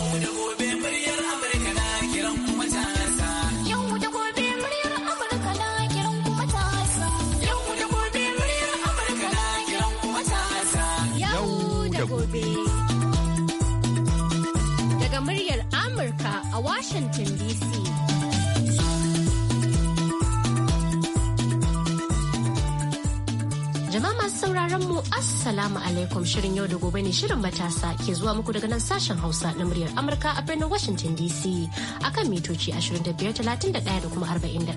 know the alaikum shirin yau da gobe ne shirin matasa ke zuwa muku daga nan sashen Hausa na muryar Amurka a birnin Washington DC akan mitoci 2531 da kuma 41.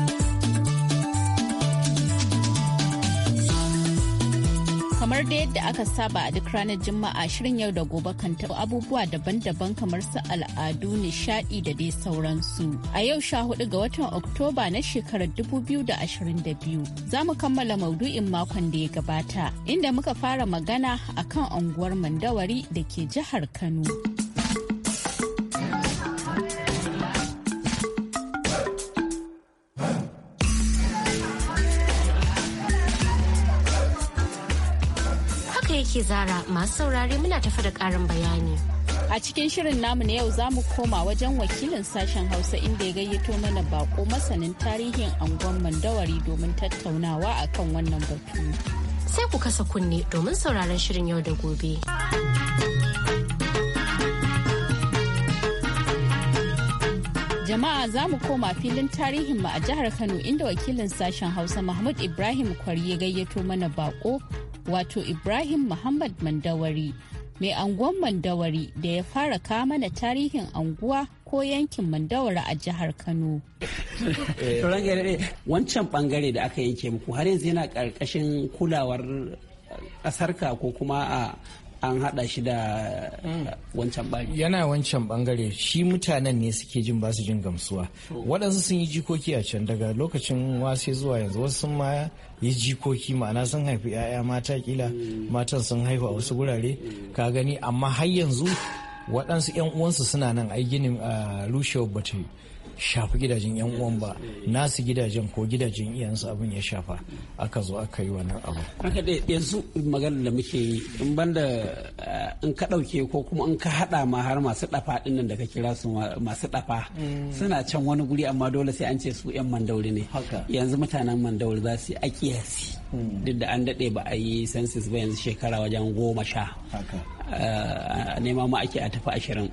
kamar da yadda aka saba a duk ranar juma'a shirin yau da gobe kan taɓa abubuwa daban-daban kamar su al'adu nishaɗi da dai sauransu a yau sha hudu ga watan oktoba na shekarar dubu biyu da da ashirin biyu za mu kammala maudu'in makon da ya gabata inda muka fara magana akan unguwar mandawari da ke jihar kano. zara masu saurari muna tafi da ƙarin bayani. A cikin shirin namu na yau za mu koma wajen wakilin sashen Hausa inda ya gayyato mana bako masanin tarihin angon mandawari domin tattaunawa akan wannan batu. Sai ku kasa kunne domin sauraron shirin yau da gobe. jama'a za mu koma filin tarihinmu a jihar kano inda wakilin sashen hausa mahmud ibrahim kwari ya gayyato mana bako wato Ibrahim Muhammad Mandawari, mai anguwan Mandawari da ya fara kama na tarihin anguwa ko yankin Mandawari a jihar Kano. Wancan bangare da aka yanke muku har yanzu yana karkashin kulawar ƙasarka ko kuma a an hada shi da hmm. wancan bangare yana wancan bangare shi mutanen ne suke jin ba su jin gamsuwa hmm. waɗansu sun yi jikoki a can daga lokacin wase zuwa yanzu wasu sun ma yi jikoki ma'ana sun haifi 'ya'ya mata kila hmm. matan sun haihu a wasu gurare ka gani amma har yanzu waɗansu 'yan uwansu suna nan ai ginin a ah, rushewar shafi gidajen yan uwan ba nasu gidajen ko gidajen iyansu abin ya shafa aka zo aka yi wannan abu yanzu magana da muke yi in banda eh, in ka dauke ko kuma in ka haɗa ma har masu dafa din nan da ka kira su masu dafa mm. suna can wani guri amma dole sai an ce su yan mandauri ne yanzu mutanen mandauri za su yi akiyasi mm. duk da an dade ba a yi census ba yanzu shekara wajen goma sha Eh, nema ma ake a tafi ashirin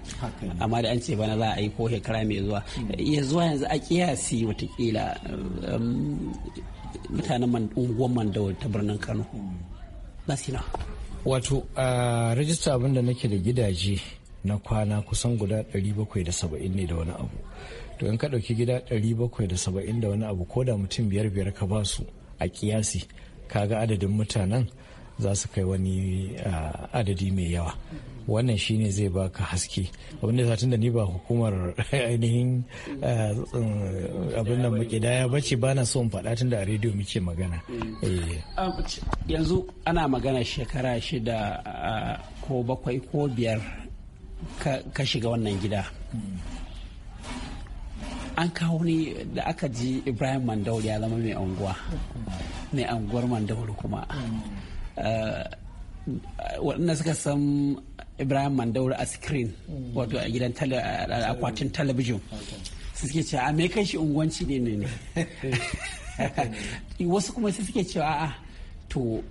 amma da an ce bana za a yi ko shekara mai zuwa hmm. ya zuwa yanzu a kiyasi watakila um, mutanen unguwar mandawar ta birnin kano basina hmm. wato a rajista abin da nake da gidaje na kwana kusan guda 770 ne da wani abu to in ka ɗauki gida 770 da wani abu ko da mutum biyar biyar ka ba su a kiyasi kaga adadin mutanen za su kai wani adadi mai yawa wannan shine zai baka haske abinda satin da ni ba hukumar ainihin abin nan makidaya ba ce ba na son faɗa tun da a rediyo muke magana eh. yanzu ana magana shekara shida ko bakwai ko biyar ka shiga wannan gida an kawo ni da aka ji ibrahim mandauri ya zama mai anguwa mai anguwar mandauri kuma Eh, waɗanda suka san ibrahim mandaura a screen hmm. wato a gidan akwatin talabijin suke cewa a ah, me kai shi unguwanci ne ne ne wasu kuma suke cewa a to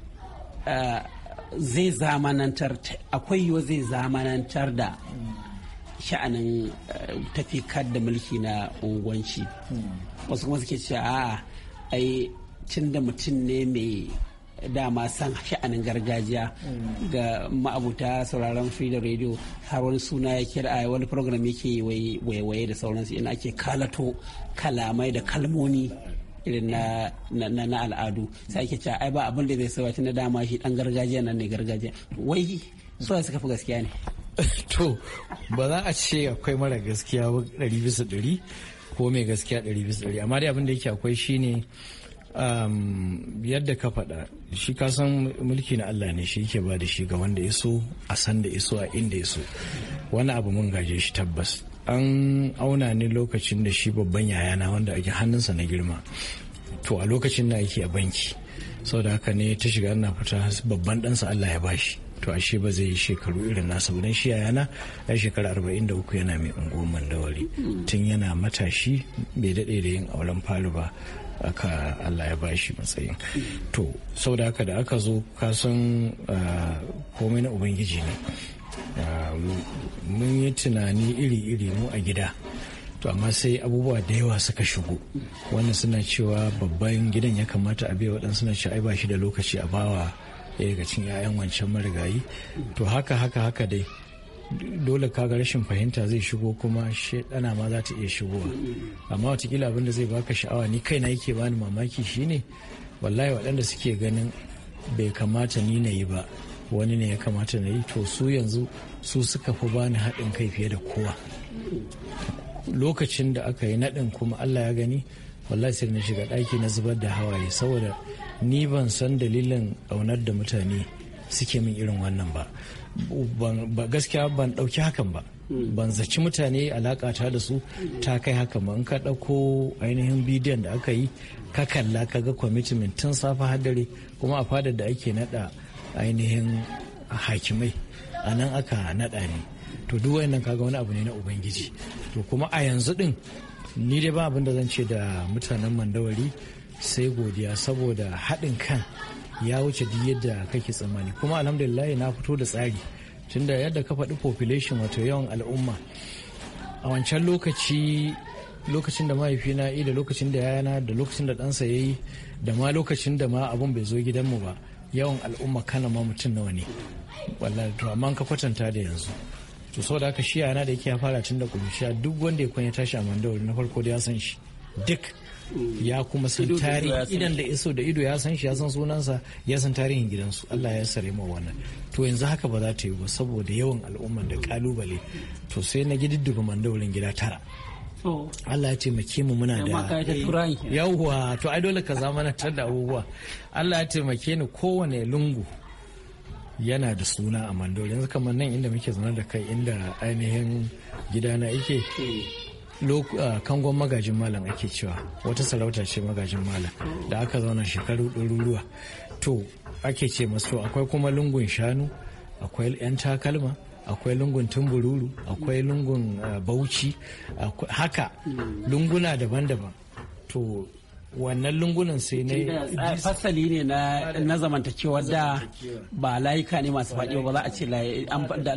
zai zamanantar akwai yiwa zai zamanantar da sha'anin tafi da mulki na unguwanci wasu kuma suke cewa a ai tun da mutum ne mai dama san sha'anin gargajiya ga ma'abuta sauraron freedom radio har wani suna ya kira a wani program yake waiwaye da sauransu ina ake kalato kalamai da kalmoni irin na na al'adu sai ake cewa ai ba abin da zai sauwaci na dama shi dan gargajiya nan ne gargajiya wai suwa suka fi gaskiya ne to ba za a ce akwai mara gaskiya ɗari bisa ɗari ko mai gaskiya ɗari bisa ɗari amma dai abin da yake akwai shine Um, yadda ka faɗa shi ka san mulki na Allah ne shi yake ba da shi ga wanda ya so a san da ya so a inda ya so wani abu mun gaje shi tabbas an auna ni lokacin da shi babban yayana wanda ake hannunsa na girma to a lokacin da ake a banki saboda haka ne ta shiga ana fita babban ɗansa Allah ya bashi to ashe ba zai yi shekaru irin nasa ba dan shi yayana ya shekara 43 yana mai unguwar mandawari tun yana matashi bai daɗe da yin auren falu ba aka Allah ya bashi matsayin to sau da haka da aka zo kasan ah, komai na ubangiji ne ah, mun yi tunani iri-iri mu a gida to amma sai abubuwa da yawa suka shigo wannan suna cewa babban gidan ya kamata a biya waɗansu suna cewa ai ba shi da lokaci a bawa ɗaya daga cikin 'ya'yan wancan marigayi to haka haka haka dai dole kaga rashin fahimta zai shigo kuma shedana ma za ta iya shigowa amma watakila abin da zai baka sha'awa ni kaina yake bani mamaki shine wallahi waɗanda suke ganin bai kamata ni na yi ba wani ne ya kamata na yi to su yanzu su suka fi bani haɗin kai fiye da kowa lokacin da aka yi naɗin kuma allah ya gani wallahi sai na shiga ɗaki na zubar da hawaye saboda ni ban san dalilin aunar da mutane suke min irin wannan ba gaskiya ban ɗauki hakan ba hmm. ban zaci mutane alakata da su ta kai hakan ba in ka ɗauko ainihin bidiyon da aka yi ka kalla ka ga kwamitimin tun safa hadare kuma a fadar da ake naɗa ainihin hakimai a nan aka naɗa ne to duk wayannan kaga wani abu ne na ubangiji to kuma a yanzu din ni dai ba abin da zan ce da mutanen mandawari sai godiya saboda haɗin kan ya wuce duk yadda kake tsammani kuma alhamdulillah na fito da tsari tunda yadda ka faɗi population wato yawan al'umma a wancan lokaci lokacin da mahaifina yi da lokacin da yana da lokacin da ɗansa ya yi da ma lokacin da ma abun bai zo gidanmu ba yawan al'umma kana ma mutum nawa ne wallahi to amma ka kwatanta da yanzu to saboda haka shi yana da yake ya fara tun da kulushiya duk wanda ya kwanya tashi a mandawari na farko da ya san shi duk ya kuma san tarihi idan da iso da ido ya san shi ya san sunansa ya san tarihin gidansu Allah ya sare mu wannan to yanzu haka ba za ta yi ba saboda yawan al'umma da kalubale to sai na gididdiga mandaurin gida tara Allah ya taimake mu muna da yauwa to ai dole ka zamanantar da abubuwa Allah ya taimake ni kowane lungu yana da suna a mandaurin yanzu kamar nan inda muke zaune da kai inda ainihin gidana yake eh. Uh, kangon magajin malam ake cewa wata sarauta ce magajin malam da aka zauna shekaru ɗaruruwa to ake ce masu akwai kuma lungun shanu akwai 'yan takalma akwai lungun tumbururu akwai lungun uh, bauchi haka lunguna daban-daban to wannan lungunan sai na eh, fasali ne na zamantakewar da ba layuka ne masu faɗi ba za a ce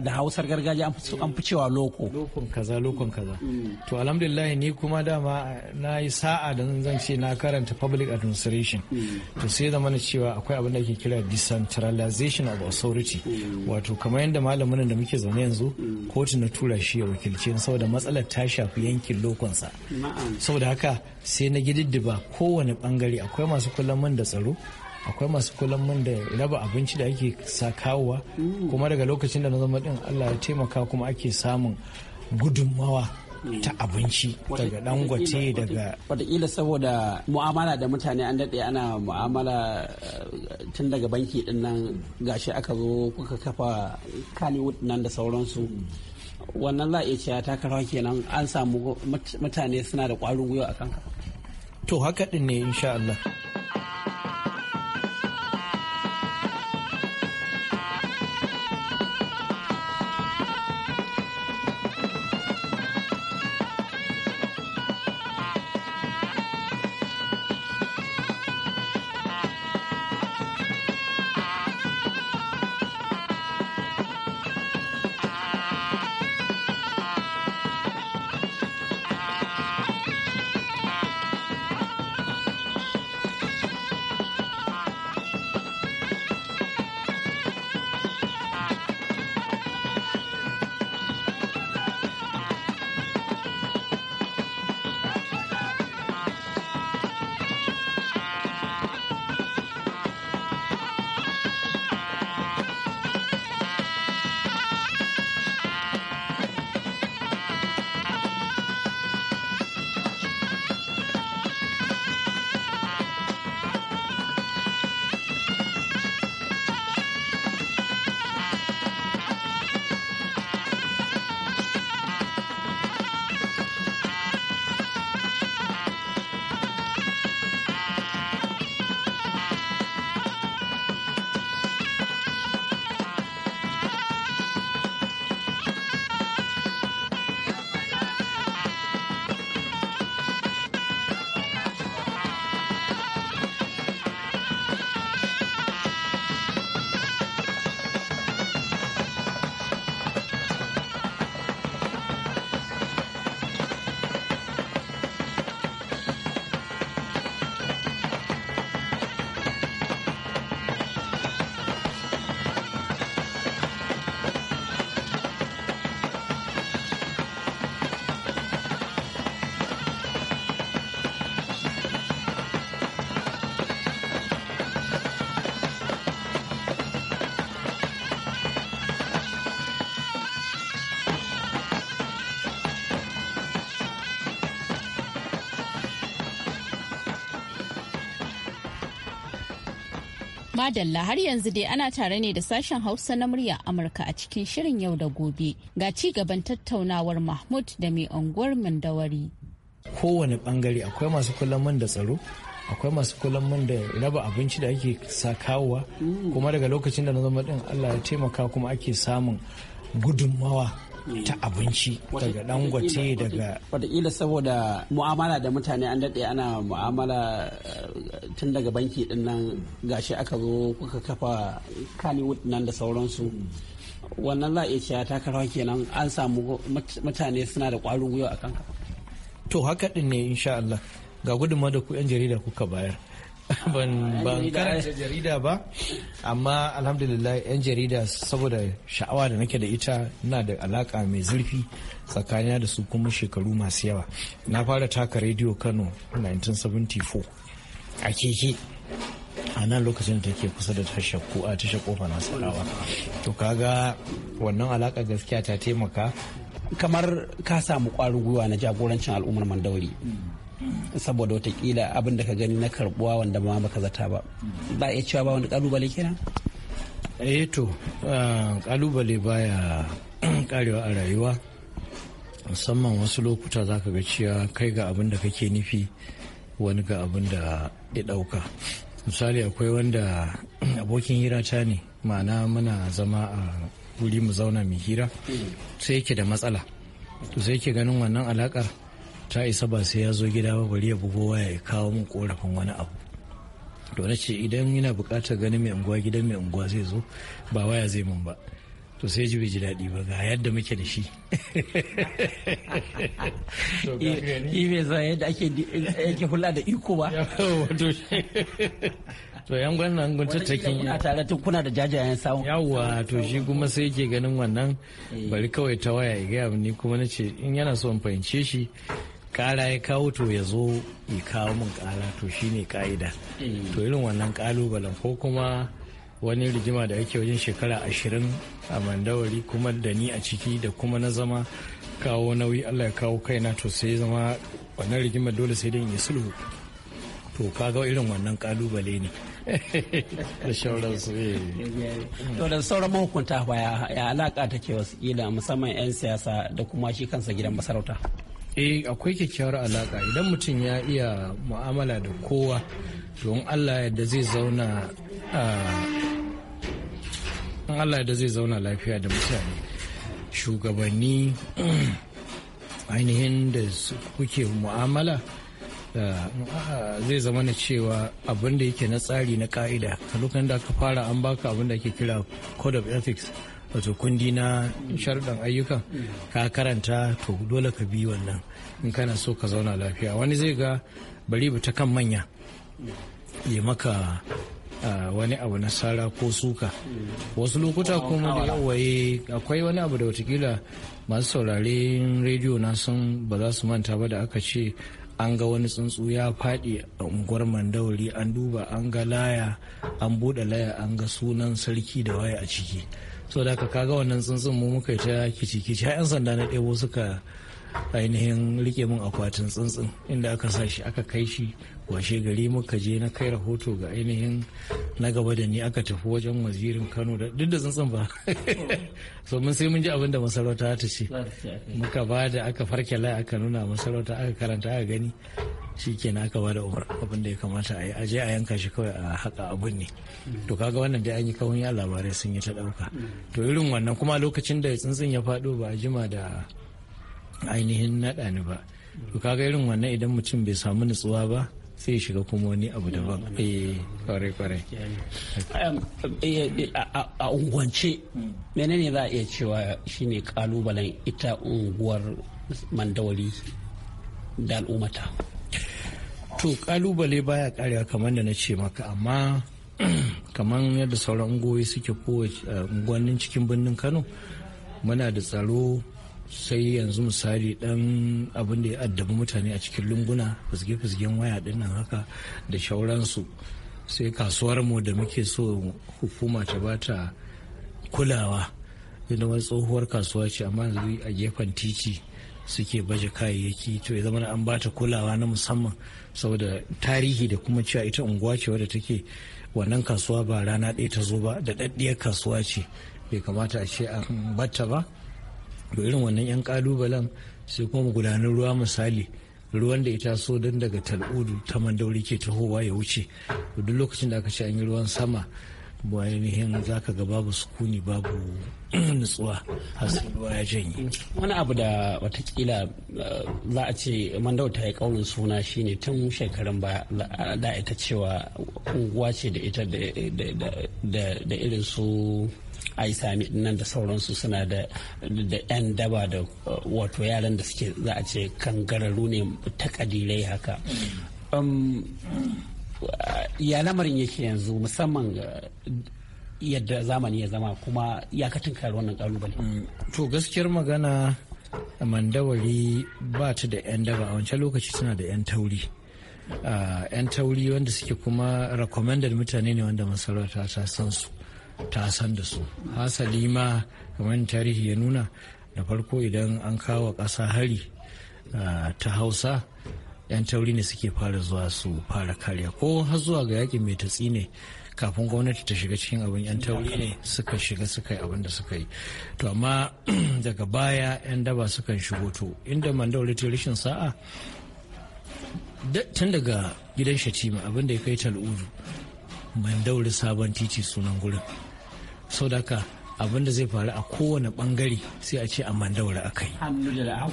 da hausar gargajiya an fi cewa loko lokon kaza lokon kaza mm. to alhamdulillah ni kuma dama eh, na yi sa'a da zan ce na karanta public administration mm. to sai zama na cewa akwai abin da ake kira decentralization of authority mm. wato kamar yadda malamin da muke zaune yanzu kotu na tura shi ya wakilce saboda matsalar ta shafi yankin lokonsa saboda haka sai na gididdiba ko kowane bangare akwai masu kula man da tsaro akwai masu kula min da raba abinci da ake sa kuma daga lokacin da na zama din Allah ya taimaka kuma ake samun gudunmawa ta abinci daga dangote daga Wataƙila saboda mu'amala da mutane an daɗe ana mu'amala eh, tun daga banki din nan gashi aka zo kuka kafa Kaliwood nan da sauransu wannan za a iya cewa takarawa kenan an samu mutane suna da kwarin gwiwa a kanka To haka din ne insha Allah. Madalla har yanzu dai ana tare ne da sashen Hausa na murya Amurka a cikin shirin yau da gobe. Ga ci gaban tattaunawar Mahmud da mai unguwar Mandawari. Kowane bangare akwai masu kullum man da tsaro, akwai masu kullum man da raba abinci da ake sa mm. kuma daga lokacin da na zama din Allah ya taimaka kuma ake samun gudunmawa ta abinci daga dangote daga wataƙila saboda mu'amala da mutane an daɗe ana mu'amala eh, tun daga banki din nan gashi aka zo kuka kafa kaniwood nan da sauransu wannan za a iya cewa takarawa kenan an samu mutane suna da ƙwarin gwiwa a kanka to haka din ne insha Allah ga gudunmawa da ku 'yan jarida kuka bayar ban ban karanta jarida ba amma alhamdulillah yan jarida saboda sha'awa da nake da ita na da alaka mai zurfi tsakanina da su kuma shekaru masu yawa na fara taka rediyo kano 1974 a keke a nan lokacin da take kusa da ko a tashar kofa sarawa to kaga wannan alaka gaskiya ta taimaka kamar ka samu kwarin gwiwa na jagorancin al'ummar mandauri saboda watakila abin da ka gani na karbuwa wanda ma baka zata ba ba iya cewa ba wani kalubale kenan eh to kalubale baya karewa a rayuwa musamman wasu lokuta za ka ga cewa kai ga abin da kake nufi wani ga abin da ya dauka misali akwai wanda abokin hira ta ne ma'ana muna zama a wuri mu zauna mai hira sai yake da matsala to sai yake ganin wannan alakar ta isa ba sai ya zo gida ba bari ya bugo waya ya kawo min korafin wani abu to na ce idan yana buƙatar ganin mai unguwa gidan mai unguwa zai zo ba waya zai mun ba to sai ji bai ji daɗi ba ga yadda muke da shi mai za yadda ake hula da iko ba to yan gwanan gun tattakin ya tare tun kuna da jajayen sawun yawwa to shi kuma sai yake ganin wannan eh. bari kawai ta waya ya gaya ni kuma na ce in yana so in fahimce shi kara ya kawo to ya zo ya kawo min kara to shine ka'ida mm. to irin wannan kalubalen ko kuma wani rigima da ake wajen shekara ashirin a mandawari kuma da ni a ciki da kuma na zama kawo nauyi allah ya kawo kaina to sai zama wannan rigima dole sai dai in yi sulhu to kaga irin wannan kalubale ne da sauran eh. to da sauran mahukunta ya alaka take wasu musamman 'yan siyasa da kuma shi kansa gidan masarauta eh akwai kyakkyawar alaka idan mutum ya iya mu'amala da kowa don allah yadda zai zauna allah yadda zai zauna lafiya da mutane shugabanni ainihin da kuke mu'amala zai zama na cewa abin da yake na tsari na ka'ida a lokacin da aka fara an baka abin da ake kira code of ethics wato kundi na sharuɗan ayyukan ka karanta to dole ka bi wannan in kana so ka zauna lafiya wani zai ga bari ta kan manya ya maka wani abu na sara ko suka wasu lokuta kuma da yawaye akwai wani abu da watakila masu sauraren rediyo na sun ba za su manta ba da aka ce an ga wani tsuntsu ya faɗi a unguwar mandauri an duba an ga laya an buɗe laya an ga sunan sarki da waya a ciki so da kaga wannan tsuntsun mu muka ta kici kici har yan sanda na ɗebo suka ainihin rike mun akwatin tsuntsun inda aka sa shi aka kai shi washe gari muka je na kai rahoto ga ainihin na gaba da ni aka tafi wajen wazirin kano da duk da tsuntsun ba so mun sai mun ji abinda da masarauta ta ce muka ba da aka farke lai aka nuna masarauta aka karanta aka gani shi na aka ba da umar abin ya kamata a yi aje a yanka shi kawai a haka abun ne to kaga wannan dai an yi kawun ya labarai sun yi ta dauka mm. to irin wannan kuma lokacin da tsuntsun ya faɗo ba a jima da ainihin naɗa ni ba to kaga irin wannan idan mutum bai samu nutsuwa ba sai shiga kuma wani abu daban kwarai-kwarai eh, eh, a unguwance menene za a iya cewa shine kalubalen ita unguwar mandawari da al'ummata to kalubale baya karewa kamar da na ce maka amma kamar yadda sauran ungoyi suke kowace eh, unguwannin cikin birnin kano muna da tsaro sai yanzu misali dan abin da ya addabi mutane a cikin lunguna fizge-fizgen waya dinnan haka da shauransu sai kasuwar mu da muke so hukuma ta bata kulawa yana wani tsohuwar kasuwa ce amma yanzu a gefen titi suke baje kayayyaki to ya zama an bata kulawa na musamman saboda tarihi da kuma cewa ita unguwa ce wadda take wannan kasuwa ba rana ɗaya ta zo ba da ɗaɗɗiyar kasuwa ce bai kamata a ce an batta ba to irin wannan yan kalubalen sai kuma gudanar ruwa misali ruwan da ita so don daga tal'udu ta mandauri ke tahowa ya wuce duk lokacin da aka ce an yi ruwan sama ba ainihin za ka ga babu sukuni babu nutsuwa ruwa ya janye wani abu da watakila eh, za a ce mandauta ya kaunin suna shine tun shekarun ba da ita cewa unguwa ce da ita da irin su yi sami nan da sauransu suna da yan daba da uh, wato yaran da suke za a ce kangararru ne ta kadirai haka um, ya lamarin yake yanzu musamman uh, yadda zamani ya zama kuma ya katin kayar wannan kalubale mm, to gaskiyar magana mandawari ba ta da 'yan daba a wancan lokaci suna da 'yan tauri uh, yan tauri wanda suke kuma recommended mutane ne wanda masarauta ta san su ta san da su hasali ma kamar tarihi ya nuna da farko idan an kawo ƙasa hari ta hausa 'yan tauri ne suke fara zuwa su fara kariya ko har zuwa ga yakin mai tatsi ne kafin gwamnati ta shiga cikin abin 'yan tauri ne suka shiga suka yi abin da suka yi to amma daga baya 'yan daba sukan shigo to inda mandaure ta rashin sa'a tun daga gidan shatima abin da ya kai tal'udu mandaure sabon titi sunan gurin sadaka abin da zai faru a kowane bangare sai a ce a mandaura aka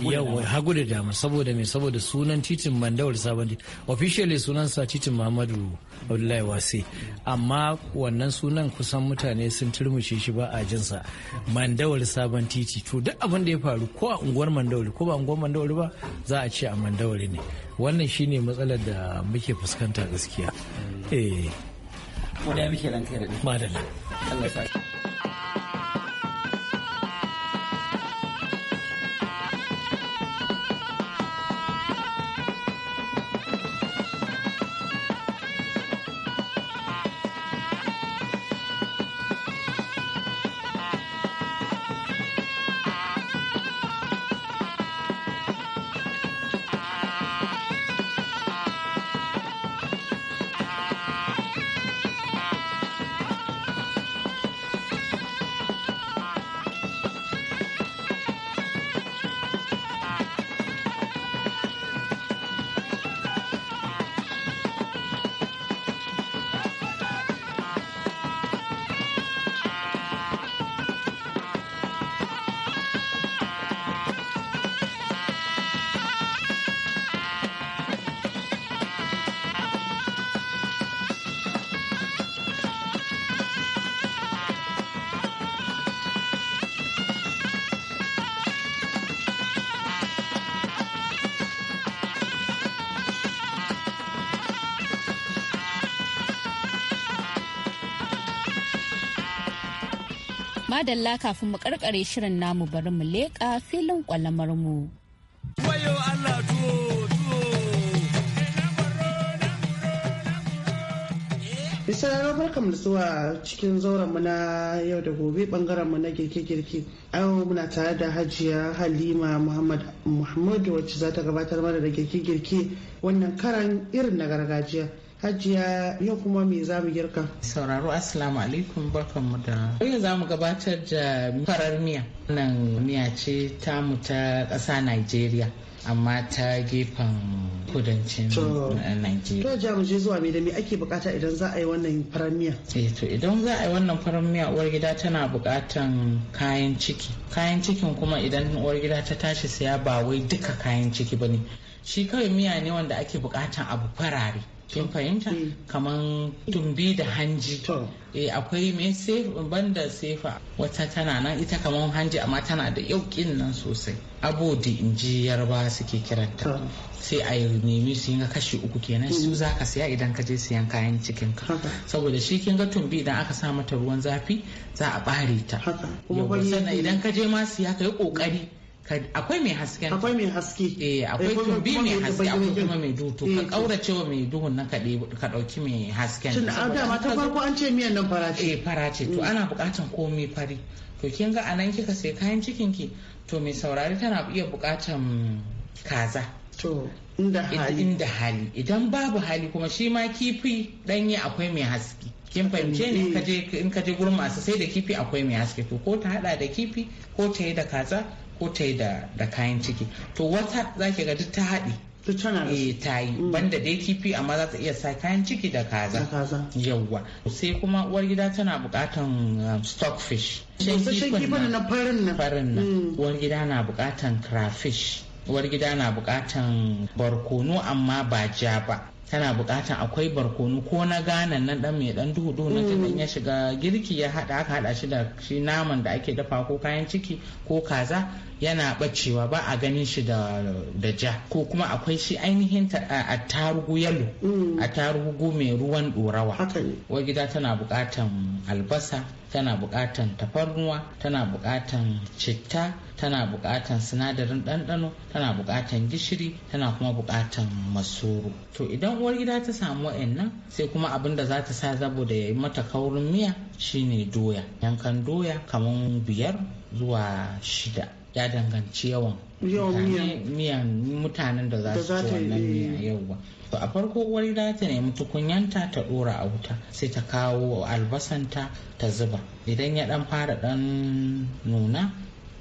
yi hagu da dama saboda mai saboda sunan titin mandawar sabon officially sunansa titin muhammadu abdullahi wase amma wannan sunan kusan mutane sun turmushe shi ba a jinsa mandawar sabon titi to duk abin da ya faru ko a unguwar mandawari ko ba unguwar mandawari ba za a ce a mandawari ne wannan shine matsalar da muke fuskanta gaskiya eh Ko da muke ranka da Madalla. Allah ya Madalla kafin mu karkare shirin namu bari mu leƙa filin kwalamar mu. isa Allah Bisararwa barkam zuwa cikin zauren mu na yau da gobe bangaren mu na girke-girke. Yau muna tare da Hajiya Halima Muhammad Muhammadu wacce za ta gabatar mana da girke-girke wannan karan irin na gargajiya. Hajiya yau kuma me za mu girka? Sauraro Assalamu alaikum mu da. Yau za mu gabatar da farar miya. Nan miya ce mu ta ƙasa Najeriya amma ta gefen kudancin Najeriya. To ja je zuwa me da me ake bukata idan za a yi wannan farar miya? Eh to idan za a yi wannan farar miya uwar gida tana bukatan kayan ciki. Kayan cikin kuma idan uwar gida ta tashi siya ba wai duka kayan ciki bane. Shi kawai miya ne wanda ake bukatan abu farare. kin fahimta mm. kaman tumbi da hanji e akwai mai sefa banda sefa wata tana nan ita kaman hanji amma tana da yaukin nan sosai abodi in ji yarba suke kiranta sai a nemi su yi kashi uku kenan su mm-hmm. za ka siya idan ka je siyan kayan cikin ka saboda shi kin ga tumbi idan aka sa mata ruwan zafi za a bare ta sannan idan ka je ma siya ka yi kokari akwai mai hasken akwai mai haske eh akwai tumbi mai haske akwai kuma mai duto ka kaurace eh, wa mai duhun nan ka ka dauki mai hasken shin a ah, dama ta farko an ce miyan nan farace. eh farace to mm. ana bukatan komai fari to kin ga anan kika sai kayan cikin ki to mai saurari tana iya bukatan kaza to inda hali inda hali idan babu hali kuma shi ma kifi yi akwai mai haske kin fahimce ne eh. in ka je gurin masu sai da kifi akwai mai haske to ko ta hada da kifi ko ta yi da kaza ko ta yi da kayan ciki to wata za ki ga duk ta haɗi eh ta yi mm. banda dai kifi amma za ta iya sa kayan ciki da kaza yawwa sai kuma uwar gida tana bukatan um, stockfish shan kifin na farin nan mm. uwar na bukatan crayfish uwar gida na bukatan barkono amma ba ja ba tana bukatan akwai barkono ko na ganan nan dan mai dan duhu duhu na mm. kadan ya shiga girki ya hada aka hada shi da shi naman da ake dafa ko kayan ciki ko kaza yana bacewa ba a ganin shi da da ja ko kuma akwai shi ainihin tarugu yalo mm. tarugu mai ruwan dorawa wa gida tana bukatan albasa tana bukatan tafarnuwa tana bukatan citta tana bukatan sinadarin ɗanɗano tana bukatan gishiri tana kuma bukatan masoro to idan idan gida ta samu wa'annan sai kuma abin da za ta sa saboda ya yi mata kaurin miya shine doya yankan doya kamar biyar zuwa shida ya danganci yawan miyan mutanen da za su ci wannan miya eh. yau ba to a farko wani gida ta nemi tukunyanta ta dora a wuta sai ta kawo albasanta ta zuba idan ya dan fara dan nuna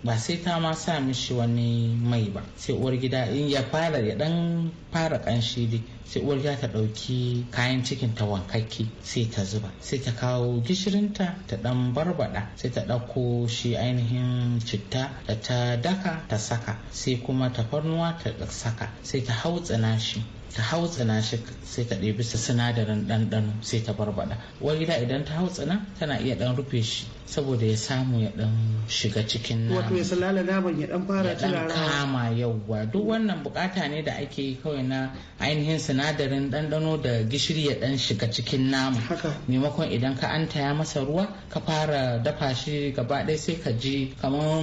ba sai ta ma sa mishi wani mai ba sai uwar gida in ya fara ya dan fara kanshi dai sai uwar gida ta dauki kayan cikin ta wankakke sai ta zuba sai ta kawo gishirinta ta dan barbada sai ta dauko shi ainihin citta da ta daka ta saka sai kuma tafarnuwa ta saka sai ta hautsina shi ta hautsina shi sai ta ɗebi sa sinadarin ɗanɗano sai ta barbada uwar gida idan ta hautsina tana iya ɗan rufe shi saboda ya samu ya dan shiga cikin nan wato ya salala naman ya dan fara tilara kama yauwa duk wannan bukata ne da ake kawai na ainihin sinadarin ɗanɗano da gishiri ya dan shiga cikin nama maimakon idan ka an taya masa ruwa ka fara dafa shi gaba ɗaya sai ka ji kamar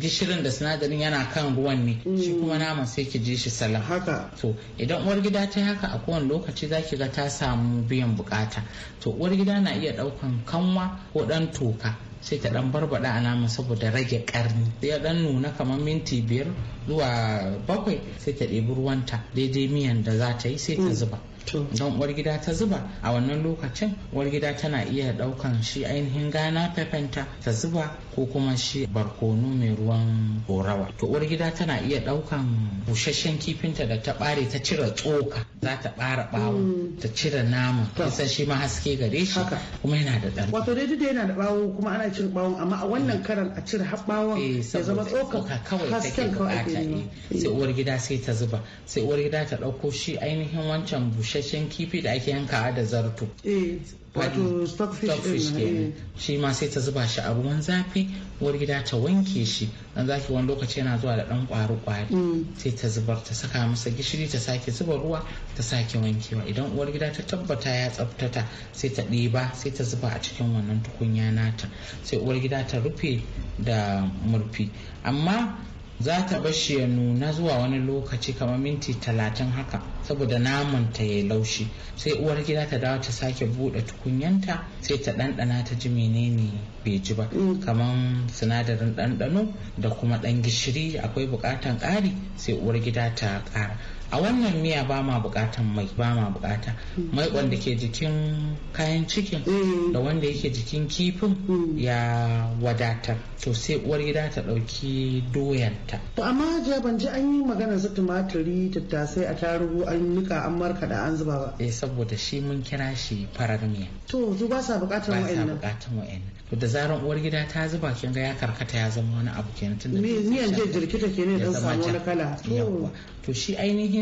gishirin da sinadarin yana kan ruwan ne shi mm. kuma nama sai ki ji shi salam haka to idan uwar gida ta haka a kowane lokaci za ki ga ta samu biyan bukata to uwar gida na iya ɗaukan kanwa ko ɗan toka sai ta dan barbada nama saboda rage karni ya dan nuna kamar minti biyar zuwa bakwai sai ta ɗebi ruwanta daidai miyan da za ta yi sai ta zuba don uwar gida ta zuba a wannan lokacin uwar gida tana iya daukan shi ainihin gana pepenta ta zuba ko kuma shi barkono mai ruwan gorawa to uwar gida tana iya daukan busasshen kifinta da ta bare ta cire tsoka za ta bara bawo mm. ta cire nama kusan shi ma haske gare shi kuma yana da dan wato dai da yana da bawo kuma ana cire bawon amma a wannan mm. karan a cire har bawon eh, ya zama tsoka kawai take bukata sai uwar gida sai ta zuba sai uwar gida ta dauko shi ainihin wancan bushe busasshen kifi da ake yankawa da zarto eh, wato stockfish eh. shi ma sai ta zuba shi a ruwan zafi uwargida gida ta wanke shi dan zaki wani lokaci yana zuwa da dan kwaru kwari mm. sai ta zubar ta saka masa gishiri ta sake zuba ruwa ta sake wankewa idan uwar gida ta tabbata ya tsaftata sai ta ɗiba sai ta zuba a cikin wannan tukunya nata sai uwar gida ta rufe da murfi amma za ta bashi ya nuna zuwa wani lokaci kamar minti talatin haka saboda naman ta ya laushi sai uwar gida ta dawo ta sake bude tukunyanta sai ta ɗanɗana ta ji menene bai ji ba mm. kamar sinadarin ɗanɗano da kuma ɗan gishiri akwai buƙatan ƙari sai uwar gida ta ƙara a wannan miya ba ma bukatan mai ba ma bukata mai wanda ke jikin kayan cikin mm. da wanda yake jikin kifin mm. ya wadatar to sai uwar gida ta dauki doyanta to amma je ban ji an yi magana su tumaturi tattasai a tarugu an nika an marka da an zuba ba eh saboda shi mun kira shi farar miya to su ba sa bukatan wa'annan ba sa bukatan wa'annan to da zaran uwar gida ta zuba kin ga ya karkata ya zama wani abu kenan tunda miyan je jirkita kenan dan samu wani kala to shi ainihin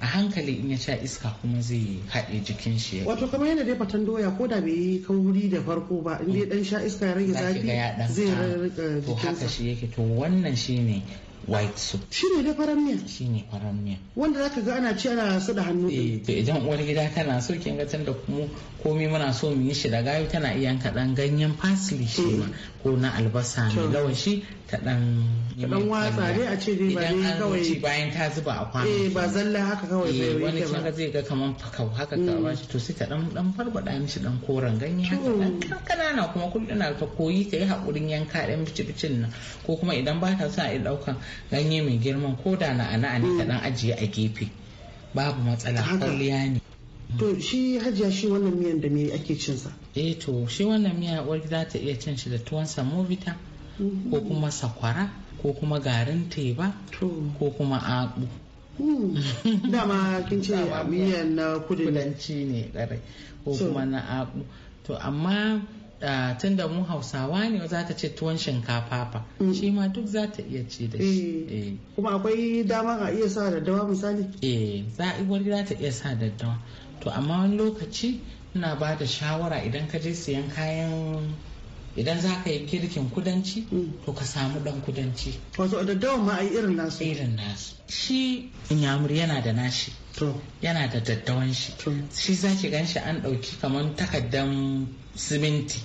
a hankali in ya sha iska kuma zai haɗe jikin shi wato kamar yadda dai fatan doya ko da bai yi kauri da farko ba in dai dan mm. sha iska ya rage zafi zai rage jikinsa to haka shi yake to wannan shine white soup shine da farar miya shine farar miya wanda zaka ga ana ci ana su da hannu eh to idan uwar gida tana so kin ga tunda kuma komai muna so mu yi shi da gayu tana iya yanka dan ganyen parsley shi mm. ma ko na albasa mai lawashi ta dan dan watsa dai a ce dai ba dai kawai bayan ta zuba a kwano eh ba zalla haka kawai eh, bai yi wani kin ga zai ga kaman fakau haka ka mm. ba shi to sai ta dan dan farbada mishi dan koren ganye haka dan kanana kuma kullun ta koyi ta yi hakurin yanka dan bici bicin nan ko kuma idan ba ta sa a daukan ganye mai girman ko da na ana ne ka dan ajiye a gefe babu matsala kwalliya ne to shi hajiya shi wannan miyan da me ake cin sa eh to shi wannan miya uwar za ta iya cin shi da tuwon samovita mm-hmm. ko kuma sakwara ko kuma garin teba ko kuma abu mm. dama kin ce miyan na kudanci ne ko kuma na abu to amma tun da mu hausawa ne za ta ce tuwon shinkafa fa mm. shi ma duk za ta iya ci da shi eh. Eh. kuma akwai dama a iya sa daddawa misali eh za za ta iya sa daddawa to amma wani lokaci ina ba da shawara idan ka je siyan kayan idan za ka yi kirkin kudanci mm. to ka samu dan kudanci wato daddawa ma a yi irin nasu irin nasu shi inyamur yana da nashi yana da daddawan shi shi za ki gan shi an ɗauki kamar takaddan siminti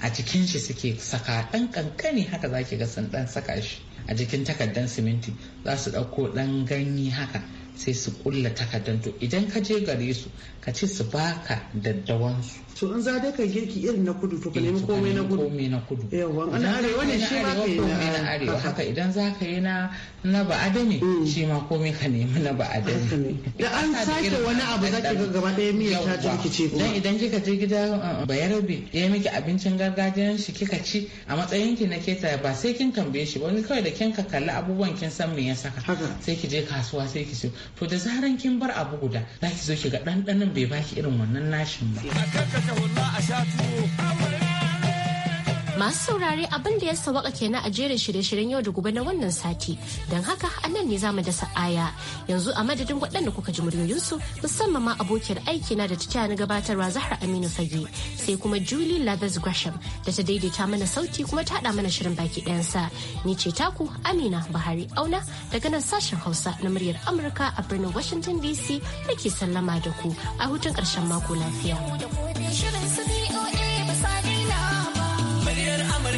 a cikin shi suke saka ɗan kankani haka za ki ga sun ɗan saka shi a jikin takaddan siminti za su ɗauko ɗan ganye haka sai su kulla takaddan to idan ka je gare su ka ce su baka daddawansu to in za dai ka girki irin na kudu to ka nemi komai na kudu komai na kudu yawa ana arewa ne shi ma kai na arewa haka idan za ka yi na na ba adami mm. shi ma komai ka nemi na ba adami da an sake wani abu za ki ga gaba daya miya ta ta ce kuma dan idan kika je gida uh, uh, bayarabe ya miki abincin gargajiyan shi kika ci a matsayin ki na keta ba sai kin tambaye shi wani kawai da kin ka kalli abubuwan kin san me ya saka sai ki je kasuwa sai ki siyo to da zaran kin bar abu guda za ki zo ki ga ɗanɗanon bai baki irin wannan nashin ba wanke hula a sha tuwo. Masu saurare abin da ya sawaka kenan a jerin shirye-shiryen yau da gobe na wannan sati. Don haka a nan ne zamu dasa aya. Yanzu a madadin waɗanda kuka ji muryoyinsu musamman ma abokiyar aiki na da ta na gabatarwa Zahra Aminu Fage sai kuma Julie Lathers Gresham da ta daidaita mana sauti kuma ta haɗa mana shirin baki ɗayansa. Ni ce taku Amina Buhari Auna daga nan sashen Hausa na muryar Amurka a birnin Washington DC da ke sallama da ku a hutun ƙarshen mako lafiya.